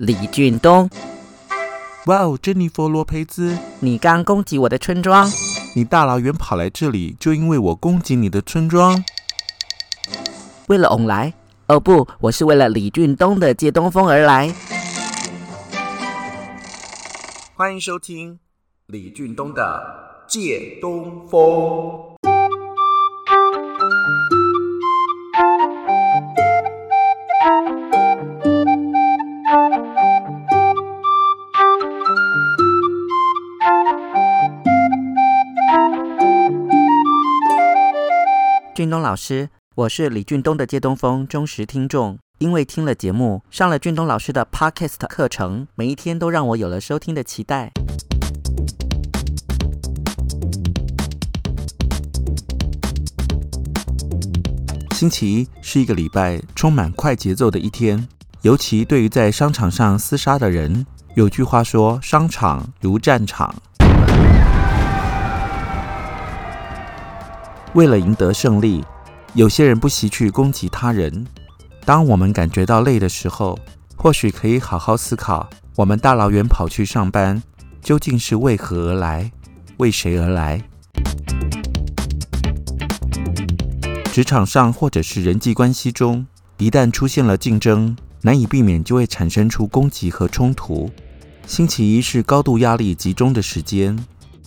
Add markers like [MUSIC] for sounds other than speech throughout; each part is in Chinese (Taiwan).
李俊東，哇哦，珍妮佛·羅培茲，你剛攻擊我的村莊，你大老遠跑來這裡，就因為我攻擊你的村莊？為了歐萊？哦、oh, 不，我是為了李俊東的借東風而來。歡迎收聽李俊東的借東風。俊東老師，我是李俊東的《借東風》忠實聽眾，因為聽了節目，上了俊東老師的 podcast 課程，每一天都讓我有了收聽的期待。星期一是一個禮拜充滿快節奏的一天，尤其對於在商場上廝殺的人，有句話說：“商場如戰場。”為了贏得勝利，有些人不惜去攻擊他人。當我們感覺到累的時候，或許可以好好思考：我們大老遠跑去上班，究竟是為何而來？為誰而來？職場上或者是人際關係中，一旦出現了競爭，難以避免就會產生出攻擊和衝突。星期一是高度壓力集中的時間，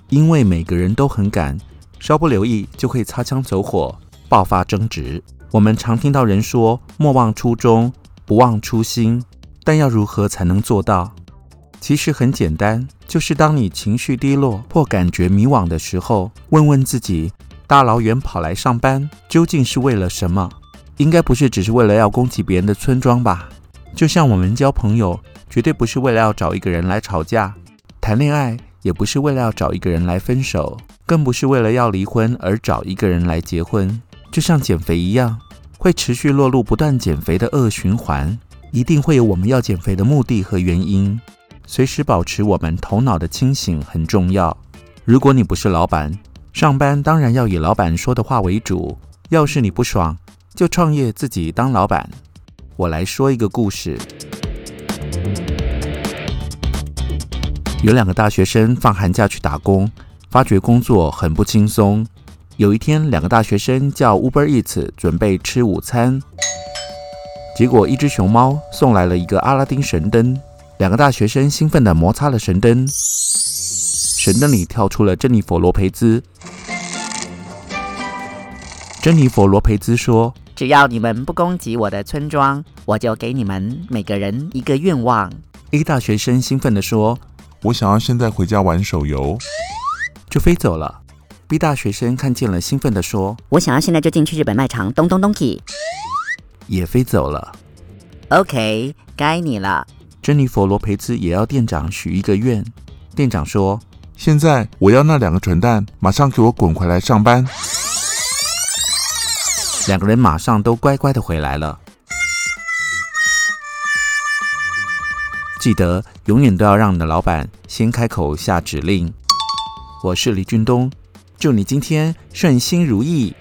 因為每個人都很趕。稍不留意，就會擦槍走火，爆發爭執。我們常聽到人說“莫忘初衷，不忘初心”，但要如何才能做到？其實很簡單，就是當你情緒低落或感覺迷惘的時候，問問自己：大老遠跑來上班，究竟是為了什麼？應該不是只是為了要攻擊別人的村莊吧？就像我們交朋友，絕對不是為了要找一個人來吵架；談戀愛，也不是為了要找一個人來分手。更不是為了要離婚而找一個人來結婚，就像減肥一樣，會持續落入不斷減肥的惡循環。一定會有我們要減肥的目的和原因。隨時保持我們頭腦的清醒很重要。如果你不是老闆，上班當然要以老闆說的話為主。要是你不爽，就創業自己當老闆。我來說一個故事。有兩個大學生放寒假去打工。挖掘工作很不輕鬆。有一天，兩個大學生叫 Uber Eats 準備吃午餐，結果一隻熊貓送來了一個阿拉丁神燈。兩個大學生興奮地摩擦了神燈，神燈裡跳出了珍妮佛羅培茲。珍妮佛羅培茲說：“只要你們不攻擊我的村莊，我就給你們每個人一個願望。”一大學生興奮地說：“我想要現在回家玩手遊。”就飛走了。B 大學生看見了，興奮地說：“我想要現在就進去日本賣場。”咚咚咚，也飛走了。OK，該你了。珍妮佛羅培茲也要店長許一個願。店長說：“現在我要那兩個蠢蛋，馬上給我滾回來上班。”兩個人馬上都乖乖地回來了。 [NOISE] 記得永遠都要讓你的老板先開口下指令。我是李俊東，祝你今天順心如意。